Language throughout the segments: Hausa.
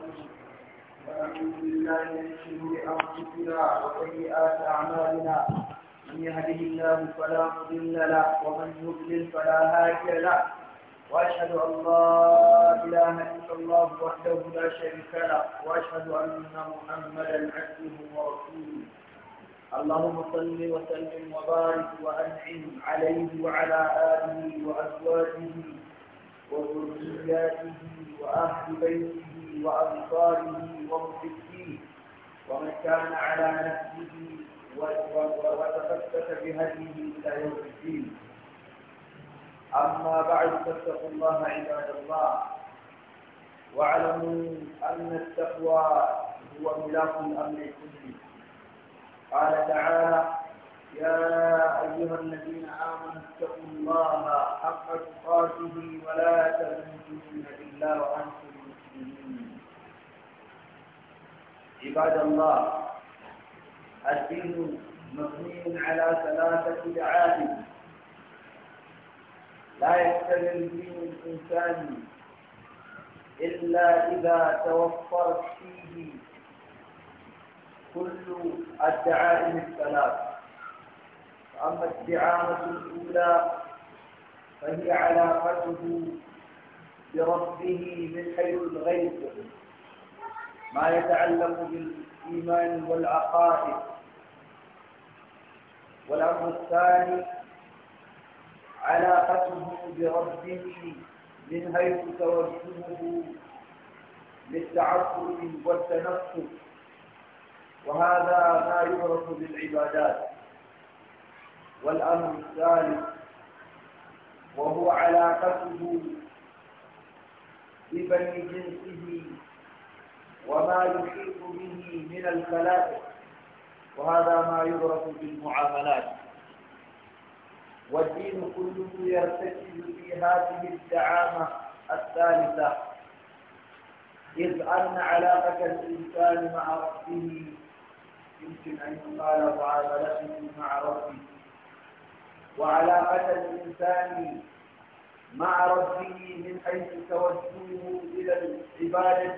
ونعوذ بالله من شرور انفسنا وسيئات اعمالنا من يهده الله فلا مضل له ومن يضلل فلا هادي له واشهد ان لا اله الا الله وحده لا شريك له واشهد ان محمدا عبده ورسوله اللهم صل وسلم وبارك وانعم عليه وعلى اله وازواجه وذرياته واهل بيته وأبصاره ومحبيه ومن كان على نهجه وتفتت بهديه إلى يوم الدين أما بعد فاتقوا الله عباد الله واعلموا أن التقوى هو ملاك الأمر كله قال تعالى يا أيها الذين آمنوا اتقوا الله حق تقاته ولا تموتن إلا وأنتم عباد الله الدين مبني على ثلاثة دعائم لا يكتمل دين الإنسان إلا إذا توفرت فيه كل الدعائم الثلاث أما الدعامة الأولى فهي علاقته بربه من حيث الغيب ما يتعلق بالإيمان والعقائد والأمر الثاني علاقته بربه من حيث توجهه للتعبد والتنفس وهذا ما يعرف بالعبادات والأمر الثالث وهو علاقته ببني جنسه وما يحيط به من الفلاسفه وهذا ما يدرك بالمعاملات والدين كله يرتكز في هذه الدعامة الثالثة إذ أن علاقة الإنسان مع ربه يمكن أن يقال معاملته مع ربه وعلاقة الإنسان مع ربه من حيث توجهه إلى العبادة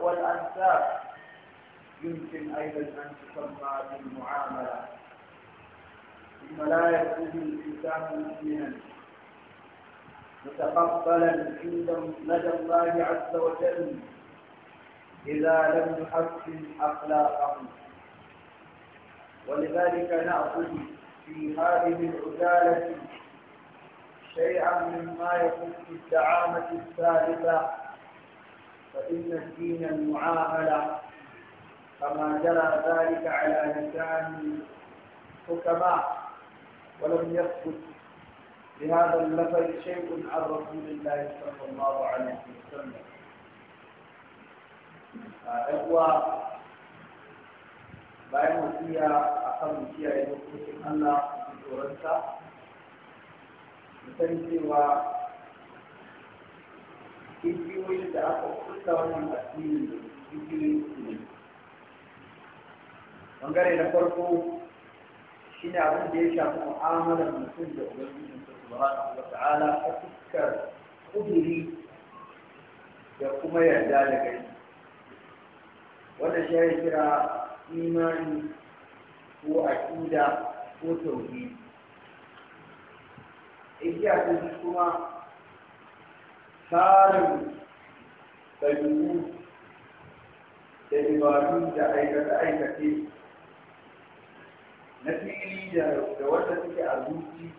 والأنساب يمكن أيضا أن تسمى بالمعاملة ثم لا يكون الإنسان مؤمنا متقبلا عند لدى الله عز وجل إذا لم يحسن أخلاقه ولذلك نأخذ في هذه العدالة شيئا مما يكون في الدعامة الثالثة فإن الدين المعاملة كما جرى ذلك على لسان الحكماء ولم يثبت بهذا اللفظ شيء عن رسول الله صلى الله عليه وسلم إخوة بين wasiya أقل kan يقول lokacin الله san cewa igiyoyin da aka kusa wannan addini da igiyoyin su ne bangare na farko shi ne abin da ya shafi mu'amalar mutum da ubangijin su subhanahu wa ta'ala ta fuskar kuduri da kuma yarda da gari wanda shi ya kira imani ko aƙida ko tauhidi igiya ta shi kuma tsarin ɗabi'u da ibadu da aikace-aikace na fili da wanda suke a zuci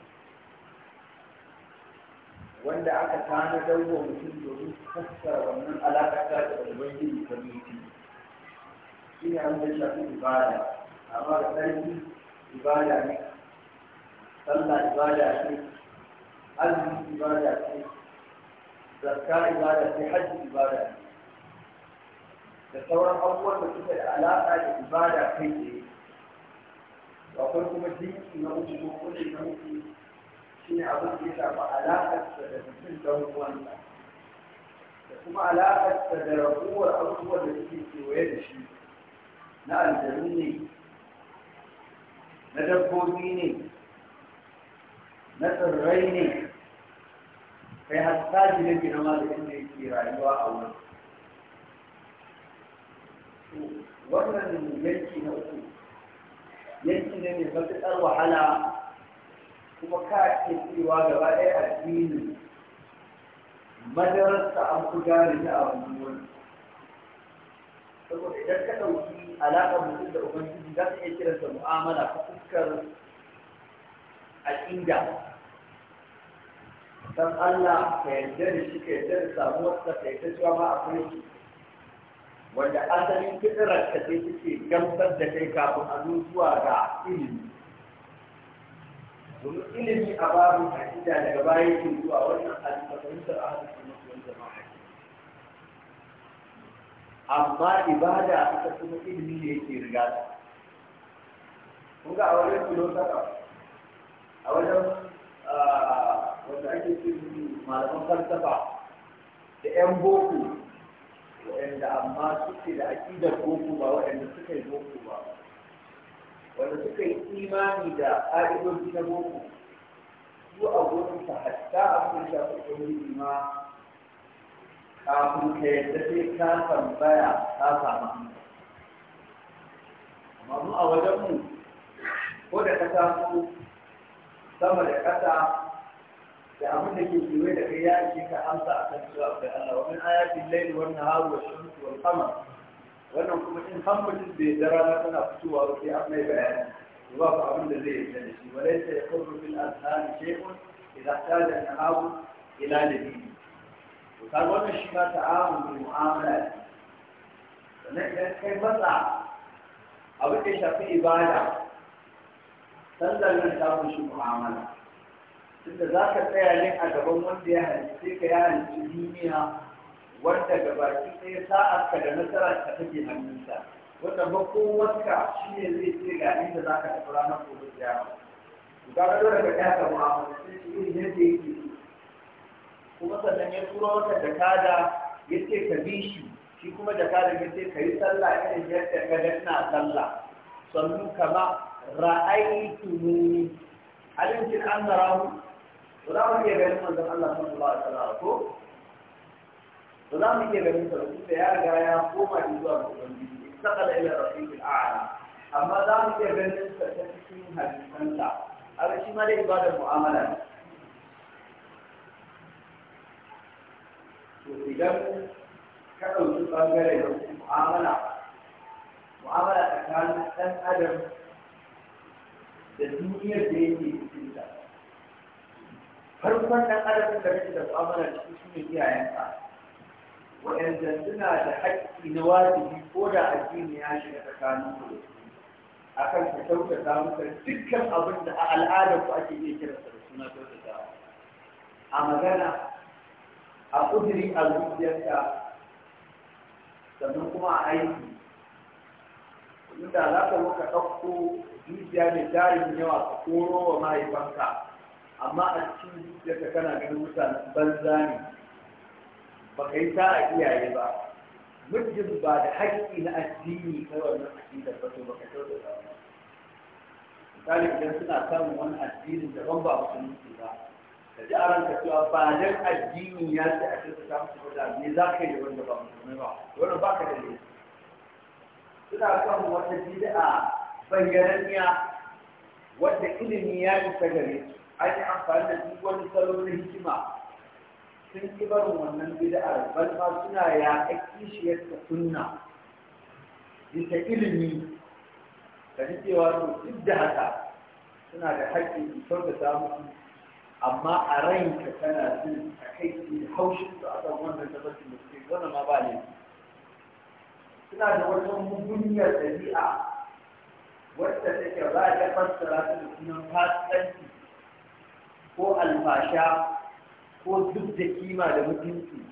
wanda aka tana dawo mutum domin fassara wannan alaƙa ta da ubangiji ta zuci shi ne abin da shafi ibada amma da ƙarfi ibada ne sallah ibada ne azumi ibada ce zakka ibada ce hajji ibada ce da sauran abubuwan da suka da alaƙa da ibada kai ne akwai kuma dinki na uku ko kuɗi na uku shi ne abin da ya shafi alaƙarsa da mutum da uwansa da kuma alaƙarsa da raguwar abubuwan da suke kewaye da shi na aljanu ne na dabbobi ne na tsirrai ne kai hatta ne ke na malamin da yake rayuwa a wurin wannan yanki na uku yanki ne mai matuƙar wahala kuma ka ke cewa gaba ɗaya addinin madararsa an fi gane ta a wani saboda idan ka ɗauki alaƙar mutum da ubangiji za ka iya kiransa mu'amala ta fuskar inda. dan Allah ka yarda da shi ka yarda da samuwarsa ka yarda cewa ma akwai shi wanda asalin fitirar ka sai ke gamsar da kai kafin a zuwa ga ilimi domin ilimi a babu hakika daga baya yake zuwa wannan alƙa fahimtar ahalin sunnah wal jama'a amma ibada ita kuma ilimi ne yake riga ta kun ga a wajen filosofa a wajen ah, wanda ake ce malaman falsafa da 'yan boko waɗanda amma suke da aƙidar boko ba waɗanda suka yi boko ba wanda suka yi imani da ƙa'idoji na boko su a gurin ta hatta abin da shafi ubangiji ma kafin ka yadda sai ka tambaya ka samu amma mu a wajenmu ko da ka taso sama da ƙasa da abin da ke kewaye da kai ya ce ka amsa a kan cewa akwai Allah wa min ayatin laili wa nahar wa shamsi wal qamar wannan kuma in har mutum bai da rana tana fitowa ba sai an mai bayani ba ku abin da zai yarda da shi walai sai ya kawo bil azhani shay'un idan ta da nahawu ila dalili to kaga wannan shi ma ta'awun bil mu'amala sannan idan kai matsa abin da ya shafi ibada sallar nan ta kunshi mu'amala tunda za ka tsaya ne a gaban wanda ya halittu ka ya halice duniya wanda gabaki ɗaya sa'ar ka da nasarar ka take hannunsa wanda wanka shi ne zai ce ga inda za ka tafi ranar gobe da to ku ga dole ka ɗaya ka mu'amala sai shi irin yadda yake kuma sannan ya turo wata jakada ya ce ka bi shi shi kuma jakada ya ce ka yi sallah irin yadda ka ga ina sallah sannu kama ra'ayi tumuni alimkin an narahu ولا mu iya ganin manzon Allah sallallahu alaihi wasallam ko ba za mu iya ganin sa ba ya riga ya koma zuwa ga ubangiji sakala ila rafiqil a'la amma za mu iya ganin sa ta cikin hadisansa a shi ma da ibadar mu'amala to idan ka ɗauki ɓangare da mu'amala mu'amala tsakanin ɗan adam da duniyar da yake farkon ɗan adabin da kake da mu'amala da su shine iyayenka suna da haƙƙi na wajibi ko da addini ya shiga tsakanin ku a kan ka kyautata musu dukkan abin da a al'adar ku ake iya kira da suna kyautata a magana a kudiri a zuciyarka sannan kuma a aiki da za ka ka ɗauko zuciya mai tarin yawa ka koro wa mahaifanka amma a cikin zuciyarka kana ganin mutanen banza ne ba ka yi sa'a iyaye ba Mijin ba da haƙƙi na addini kai wannan aƙidar ba to ba ka kyautata ba misali idan suna samun wani addinin daban ba musulunci ba ka ji a ranka cewa ba dan addini ya ce a cikin ta musu ba me za ka yi wanda ba musulmai ba wannan ba ka da ne suna kan wata bid'a bayyananniya wadda ilimi ya isa gare su an yi amfani da duk wani salo na hikima sun ki barin wannan bid'ar bal ma suna ya kishiyar ta sunna bisa ilimi da cewa to duk da haka suna da haƙƙi su kyautata musu amma a ranka tana jin takaici da haushin su a kan wannan tabbacin da suke wannan ma ba ne suna da wata mugunyar ɗabi'a wadda take ba ta fassara ta da sunan fasikanci ko alfasha ko duk da kima da mutunci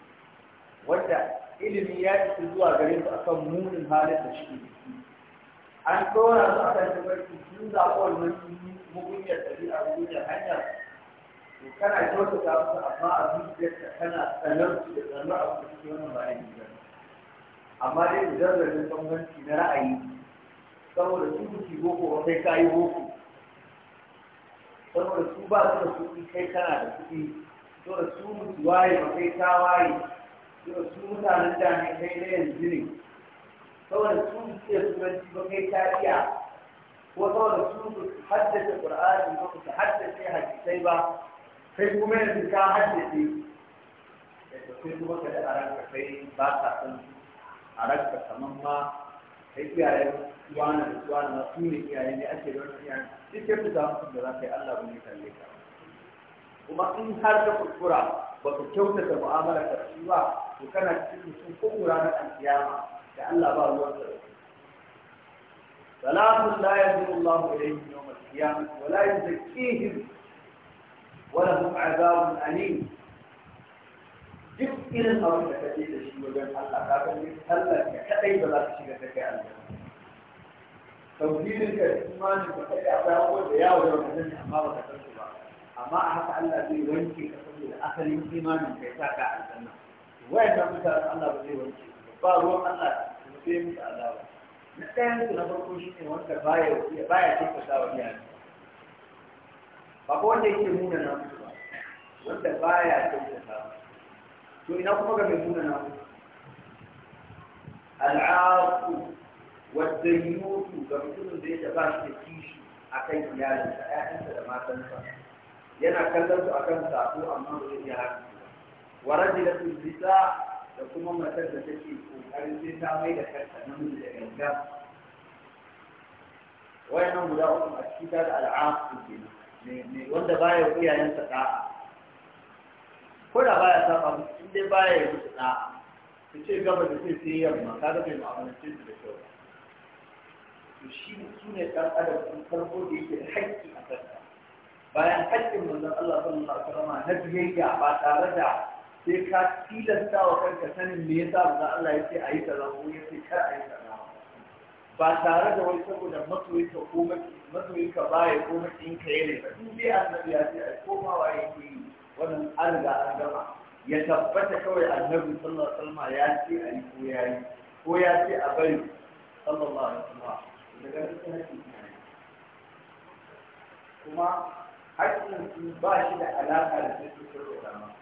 wadda ilimi ya isa zuwa gare su akan munin halin da shi an tsora su akan tabarki sun zaɓi wannan mugunyar ɗabi'a mugunyar hanyar to kana kyautata musu amma a ta kana tsanar su da tsanar a kusa cikin wannan bayan amma dai mujarrabin bambanci na ra'ayi saboda su kuci boko ba kai kayi boko saboda su ba su da kuɗi kai kana da kuɗi saboda su mutu waye ba kai ta waye saboda su mutanen da ne kai na yanzu ne saboda su su iya turanci ba kai ta iya ko saboda su su haddace qur'ani ba su haddace hadisai ba kai kuma yanzu ka haddace da eh, kai kuma ka da aranka kai ba ka san aranka kaman ma kai iyayen wani wani su ne iyaye ne ake don wani iyaye duk ya fi zafin da za ka yi Allah ne kalle ka kuma in har ka kuskura ba ka kyautata mu'amala ka shi ba to kana cikin mutum ko kura na alkiyama da Allah ba ruwan sa salamun la yanzu Allah ilayhi yawm al-qiyamah wa la yuzakkihim wa lahum azabun alim duk irin abin da kake da shi wajen Allah ka san ne Allah ka kadai ba za ka shiga ta kai aljanna tauhidin ka imanin ka kai a bayan wanda ya wajen wannan amma ba ka san ba amma a haka Allah zai wanke ka saboda asalin imanin ka ya sa ka aljanna wayannan mutanen Allah ba zai wanke ba ruwan Allah ba sai musu azaba na ɗayan su na farko shi ne wanda baya baya tuka sa wa iyali ba ko wanda yake nuna na musu ba wanda baya tuka sa to ina kuma ga mai nuna na musu al'aqu wadda yi mutu ga mutumin da yake ba shi da kishi a kan iyalinsa ‘ya'yansa da matansa yana kallon su a kan sako amma ba zai iya haka wa rajilatun bisa da kuma matar da take kokarin sai ta mai da kanta namiji da ganga Wai nan guda uku a cikin da al'aqu kenan wanda baya iyayensa da'a ko da baya saba musu in dai baya yi musu da'a su ce gaba da sai sai yamma kaga bai mu'amalance da kyau to shi ne su ne ɗan adam sun farko da yake da haƙƙi a kansa bayan haƙƙin manzon Allah sallallahu alaihi wasallam na biyayya ba tare da sai ka tilasta wa kanka sanin me yasa manzon Allah ya ce ayi kaza ko ya ce kar ayi kaza ba tare da wai saboda masoyinka ko masoyinka baya ko masoyinka ya ne ba in dai annabi ya ce ai komawa yake yi wannan an riga an gama ya tabbata kawai annabi sallallahu alaihi wasallam ya ce ayi ko yayi ko ya ce a bari sallallahu alaihi wasallam daga nufin kuma haƙƙin su ba shi da alaƙa da cikin da dama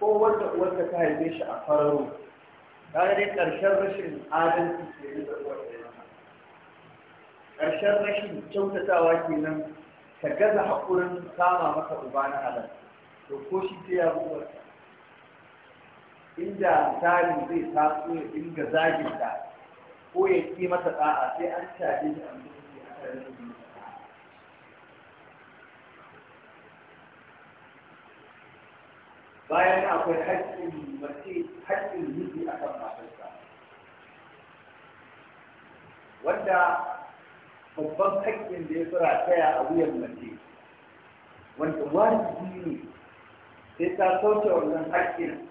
ko wanda uwarka ta haife shi a fararo ta dai ƙarshen rashin adalci ke nan da uwar ƙarshen rashin kyautatawa kenan ka gaza haƙurin kama maka uba na halal to ko shi ta ya uwarka inda misali zai taso ya dinga zagin ta ko ya ki masa da'a sai an caje shi a mutunci a kan rubin bayan akwai haƙƙin mace haƙƙin miji a kan matarsa wanda babban haƙƙin da ya fura taya a wuyan mace wanda wajibi ne sai ta sauke wannan haƙƙin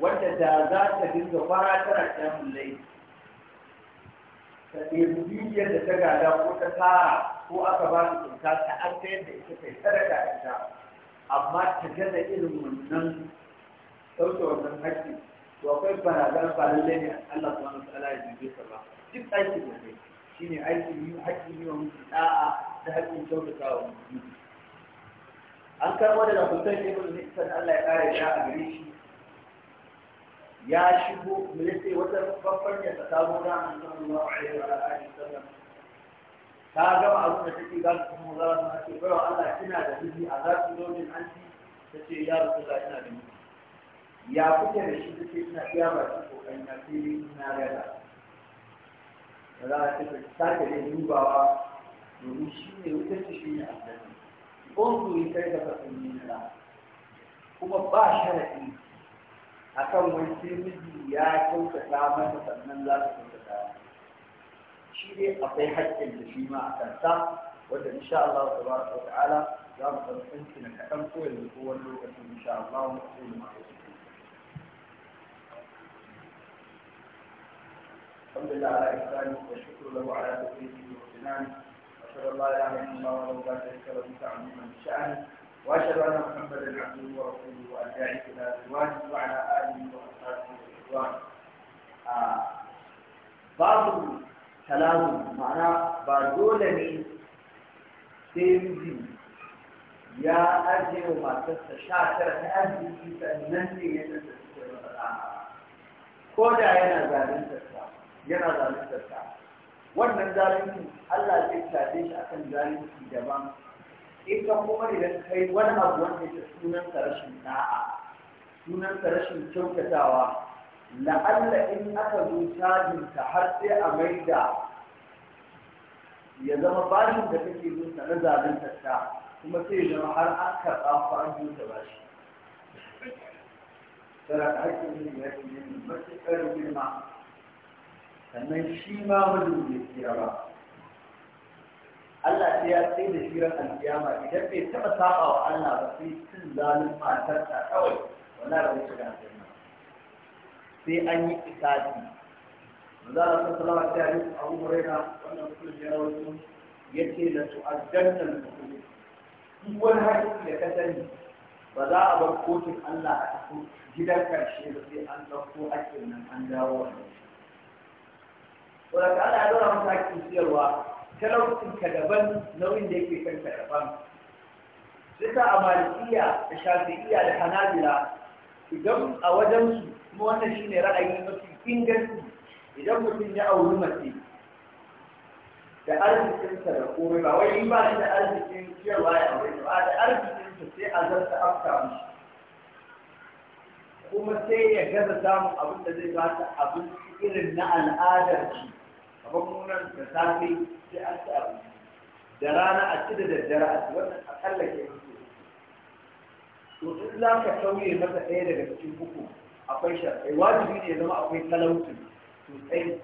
wanda da za ta dinga fara tara kyamun laifi ka ɗebi dukiyar da ta gada ko ta tara ko aka ba ta kyauta ta an ta yadda ita kai sadaka ita amma ta gaza irin wannan ɗauke wannan haƙƙi to akwai barazana ba lalle ne Allah subhanahu wa ta'ala ya jibe ka ba duk aikin da kai shine aikin yi haƙƙin yi wa mutum ɗa'a, da haƙƙin kyautata wa mutum an karɓo daga Hussein ibn Nixon Allah ya ƙara ya a gare shi ya shigo mu sai wata babbar da ta samu da Allahu alaihi wa alihi sallam ta gama abin da take ga kuma za ta ce bai Allah kina da dubi a za ki zo min anti tace ya Rasulullah ina da miji ya kuke da shi ta ce ina iya ba ki kokari na sai ina rada za ta ce ta ke da dubawa domin shi ne wutar shi ne annabi ko su yi kai da fasin ne na kuma ba sharadi akan wai miji ya kyautata masa sannan za ta kyautata shi dai akwai haƙƙin da shi ma a kansa wanda insha Allah tabaraka wa ta'ala za mu san tsinci na kaɗan ko yanzu ko wani lokaci insha Allah mu sai mu الحمد لله على إحسانه والشكر له على توفيقه وامتنانه وأشهد أن لا إله إلا الله وحده لا شريك له تعظيما لشأنه وأشهد أن محمدا عبده ورسوله والداعي إلى رضوانه وعلى آله وأصحابه رضوانه babu talamu ma'ana ba dole ne sai miji ya ajiye wa matarsa sha tara ta arziki sannan ne ya tsarsa suke matsala ko da yana zaluntarsa yana zaluntarsa wannan zalunci Allah zai shafe shi akan zalunci daban ka kuma idan kai wani abu wanda ke sunansa rashin da'a sunansa rashin kyautatawa la'alla in aka zo cajinta har sai a maida ya zama bashin da kake zo na zalunta ta kuma sai zama har an karɓa ko an ta bashi tara da hakkin yin ya ce ne matuƙar girma sannan shi ma mazin ya ba Allah sai ya sai da shirin alkiyama idan bai taɓa saɓa wa Allah ba sai cin zalin matarsa kawai wannan ba zai shiga aljanna sai an yi ikati za a san salama ta yi abu huraira wannan mutum ya rawaito ya ce da su da mutum in wani hakiki da ka sani ba za a bar kotun Allah a cikin gidan karshe ba sai an ɗauko ake nan an dawo wannan. Wadda ka ala ya zaura masa hakiki siyarwa talaucin ka daban nauyin da yake kan ka daban duka a malikiya da shafi'iya da hanabila idan a wajen su kuma wannan shine ra'ayi mafi inganci idan mutum ya auri mace da arzikinsa da komai ba wai in ba shi da arzikin ciyarwa ya aure ba da arzikinsa sai a zarta afka mishi kuma sai ya gaza samun abin da zai ba ta abinci irin na al'adar shi kamar munan da safe sai an ci abinci da rana a ci da daddare a ci wannan a kalla ke mutu to in za ka sauye masa ɗaya daga cikin uku akwai sharɗai wajibi ne zama akwai talauci sosai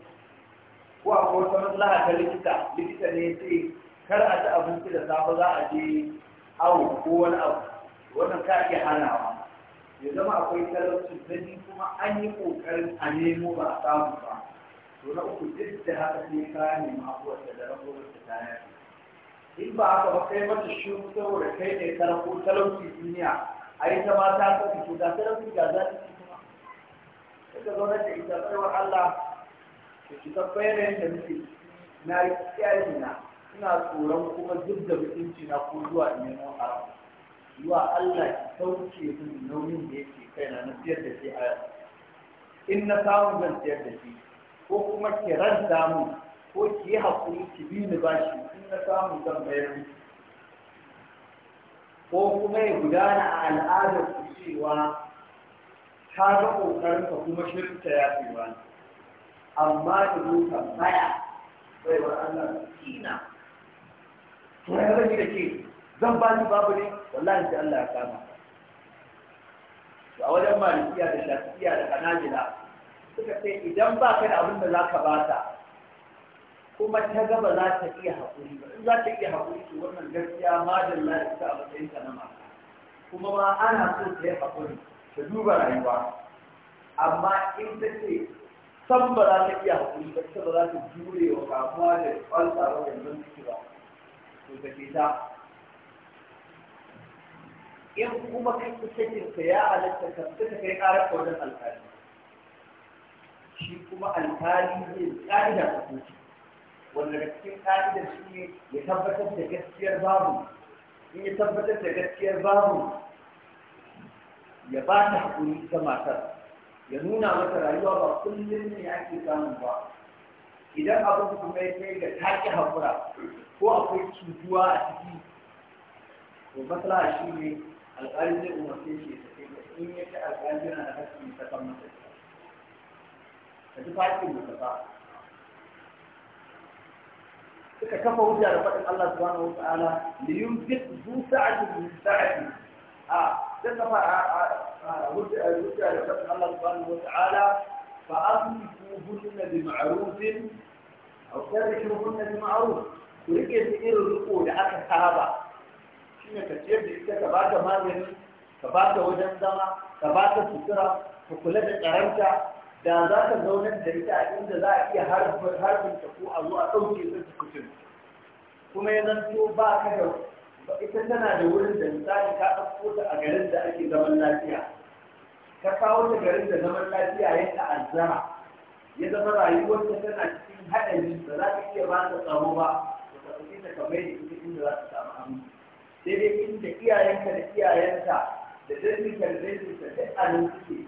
ko akwai wata maslaha ta likita likita ne sai kar a ci abinci da safe za a je awo ko wani abu wannan ka ake hanawa ya zama akwai talauci na kuma an yi ƙoƙarin a nemo ba a samu ba to na uku duk da haka sai ka nemi abuwarsa da da ta yafi in ba haka ba kai mata shi saboda kai ne ka talauci duniya a ita ma ta sani to ga talauci ga za ta ci kuma sai ka zauna da ita tsarwar Allah da shi tabbayar da muke na yi kiyaye na ina tsoron kuma duk da mutunci na ko zuwa neman haram zuwa Allah ki sauke min nauyin da yake kaina na siyar da shi a in na samu zan siyar da shi ko kuma ki ranta mu ko ki yi haƙuri ki bi ni bashi in na samu zan bayar miki ko kuma ya gudana a al'adar ku cewa ka ga ƙoƙarin ka kuma shirka ya fi wani amma ki zo baya bai wa Allah kina to ya zan yi ke zan ba ni babu ne wallahi sai Allah ya kama a wajen malikiya da shafiya da kanajila suka ce idan ba ka da abin da za ka bata kuma ta gaba za ta iya haƙuri ba in za ta iya haƙuri to wannan gaskiya ma da ita a matsayin ta na mata kuma ma ana so ta yi haƙuri ta duba rayuwa amma in ta ce san ba za ta iya haƙuri ba ita ba za ta jure wa kamuwa da ƙwalta ba yanzu ciki ba to ta ke ta in kuma kai kusa ya halatta ka suka kai ƙarar wajen alƙali shi kuma alkali zai ƙa'ida ta kotu wanda da cikin ƙa'idar shi ne ya tabbatar da gaskiyar babu in ya tabbatar da gaskiyar babu ya ba ta haƙuri ta matar ya nuna mata rayuwa ba kullum ne ake samu ba idan abin kuma ya kai ga taƙi haƙura ko akwai cutuwa a ciki to matsala shi ne alƙalin zai umarce shi ya tafi in ya ci alƙalin yana da haƙƙi ta kan ka ji fakin da ba suka kafa hujja da faɗin Allah subhanahu wa ta'ala li yumtik zu sa'atin min sa'ati a dan kafa hujja hujja da faɗin Allah subhanahu wa ta'ala fa aslifuhunna bi ma'ruf aw sarrihuhunna bi ma'ruf ku rike su irin riko da aka saba shine ka ciyar da ita ka bata magani ka bata wajen zama ka bata sutura ka kula da tsaranta da za ka zaunar da ita a inda za a iya harbin ta ko a zo a ɗauke ta cikin kuma ya zanto ba ka da ita tana da wurin da misali ka ɗauko ta a garin da ake zaman lafiya ka kawo ta garin da zaman lafiya ya ta'azzara ya zama rayuwar ta tana cikin haɗari da za ka iya ba ta tsaro ba ba ka fi ta kamar da ita inda za ta samu aminci sai dai inda iyayenka da iyayenta da danginka da danginka duk a nan suke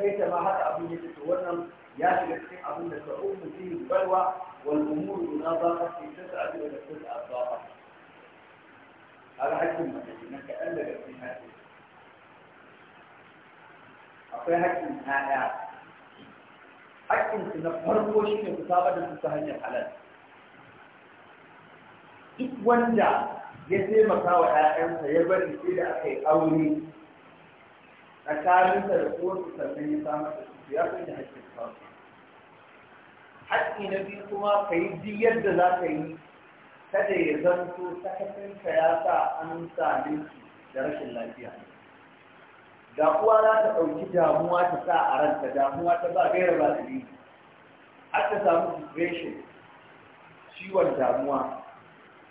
kai ta ma haka abin yake to wannan ya shiga cikin abin da ta ummu fi balwa wal umuru na ba ka fi ta ta abin da ta ta abba ala hakkin mutum nan kaɗan daga cikin hakkin akwai hakkin ƴaƴa hakkin su na farko shine ku saba da su ta hanyar halal duk wanda ya taimaka wa ƴaƴansa ya bari sai da aka yi aure tsakanin da kotu sannan ya samar da su ya sanya haƙƙin kansu haƙƙi na biyu kuma ka yi duk yadda za ka yi kada ya zanto sakacinka ya sa an same shi da rashin lafiya ga kuwa za ta ɗauki damuwa ta sa a ranta damuwa ta ba gaira ba da biyu har ta samu depression ciwon damuwa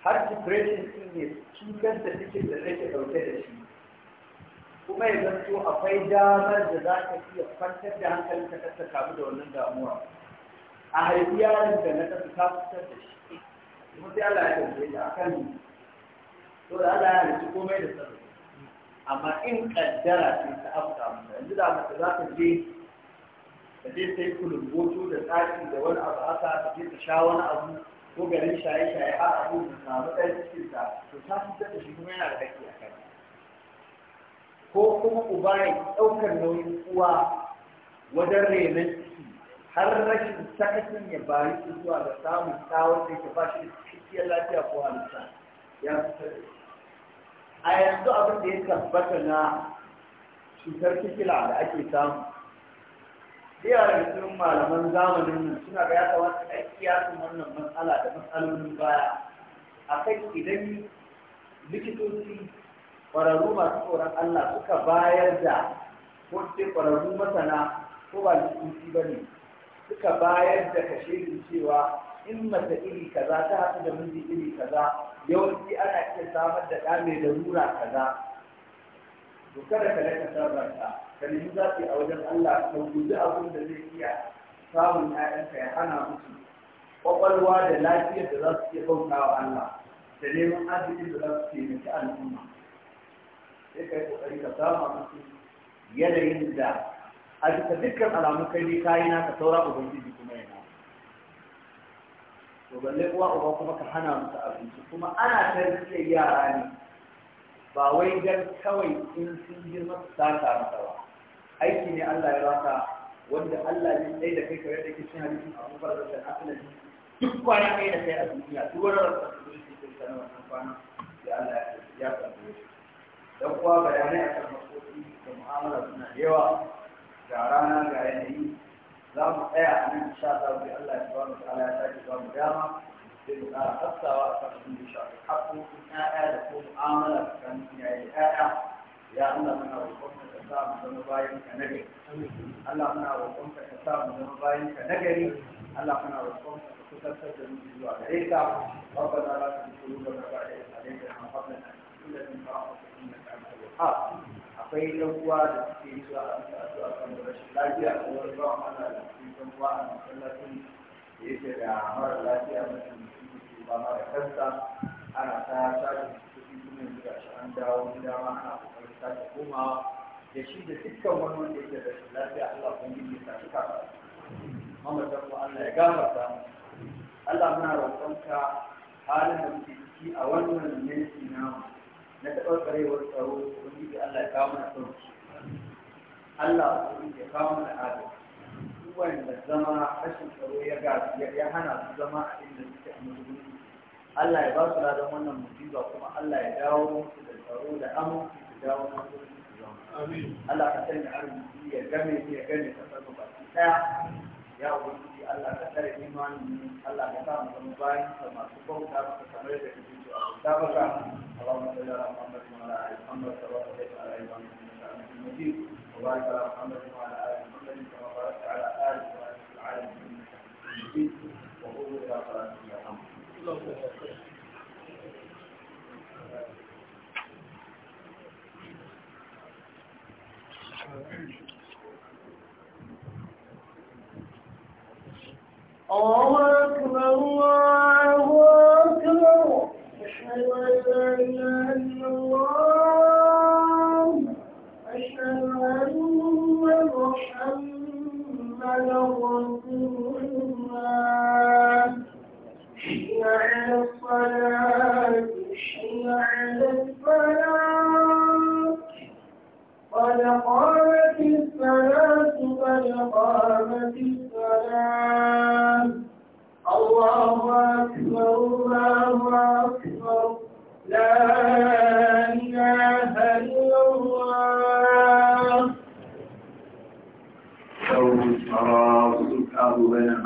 har depression ɗin ne cutar da cikin da take ɗauke da shi kuma ya zato akwai damar da za ka iya kwantar da hankalinka ka ta kamu da wannan damuwa a haifi yaron da na kasa ta fitar da shi kuma sai Allah ya tambaye da akan to da Allah ya halitta komai da sarrafa amma in kaddara ce ta afka masa yanzu da mace za ta je ta je ta yi kulumboto da tsaki da wani abu haka ta je ta sha wani abu ko garin shaye-shaye a abu da samu ɗan cikin ta to ta fitar da shi kuma yana da haƙƙi a kai ko kuma uba ya ɗaukar nauyin uwa wajen renon ciki har rashin sakacin ya bari su zuwa ga samun tsawon da ke bashi da lafiya ko halitta ya a yanzu abin da ya tabbata na cutar kikila da ake samu da yara da sun malaman zamanin nan suna ga ya aiki a wannan matsala da matsalolin baya a kai idan likitoci ƙwararru masu tsoron Allah suka bayar da ko ce ƙwararru masana ko ba likitoci ba ne suka bayar da kashe cewa in mace iri kaza ta haɗu da miji iri kaza yawanci ana iya samar da ɗa mai rura kaza to kada ka raka sarrafa ka nemi zafi a wajen Allah ka guji abin da zai iya samun ƴaƴanka ya hana musu ƙwaƙwalwa da lafiyar da za su iya bauta wa Allah da neman arzikin da za su taimaki al'umma sai ka yi kokari ka sama musu yanayin da a duka dukkan alamun kai ne kayi na ka saura ubangiji kuma yana to balle uwa uba kuma ka hana musu abinci kuma ana tarbiyyar yara ne ba wai dan kawai in sun girma su saka masa ba aiki ne Allah ya baka wanda Allah ne dai da kai kare da kishin hadisin Abu Bakar da Aslan duk kwana kai da kai a duniya duk wani rasa da kike cikin wannan kwana ya Allah ya ya don kuwa bayanai a kan makoki da mu'amala suna yawa ga rana ga yanayi za mu tsaya a nan insha Allah bi Allah ya ba mu ta'ala ya sake ba mu dama sai mu ƙara haskawa a kan abin da ya shafi haƙoƙin ƴaƴa da ko mu'amala tsakanin iyaye da ƴaƴa ya Allah muna roƙon ka sa mu zama bayan ka nagari Allah muna roƙon ka sa mu zama bayan ka nagari Allah muna roƙon ka تكثر من جزء عليك ربنا لا تزغ قلوبنا بعد إذ هديتنا وهب لنا من لدنك رحمة ha akwai ɗan'uwa da suke yi zuwa a su a kan rashin lafiya ko wani bawan ana da suke ɗan'uwa a masallacin da yake da mara lafiya mutum da ba mara kansa ana ta sake kuɗi kuma yanzu ga shi an dawo gida ma ana kokarin sake komawa da shi da dukkan wani wanda yake da rashin lafiya Allah kun yi ta shi kafa mamatan mu Allah ya gama gafarta Allah muna roƙonka halin da muke ciki a wannan yanki namu na taɓarɓarewar tsaro ubangiji Allah ya kawo mana sauki Allah ubangiji ya kawo mana adalci duk wanda zama rashin tsaro ya ga ya hana su zama a inda suke a mazubin Allah ya ba su ladan wannan musiba kuma Allah ya dawo musu da tsaro da aminci su dawo musu Allah ka sanya arziki ya game ya gane kasar sarfa baki daya ya ubangiji Allah ka tsare imanin Allah ka sa mu zama bayan masu bauta maka kamar da kake so a bauta maka اللهم صل على محمد وعلى ال محمد كما صليت على ابراهيم انك حميد مجيد وبارك على محمد وعلى ال محمد كما باركت على ال ابراهيم في العالمين انك حميد مجيد وقوموا الى صلاتكم يا محمد الله أكبر الله ولا إله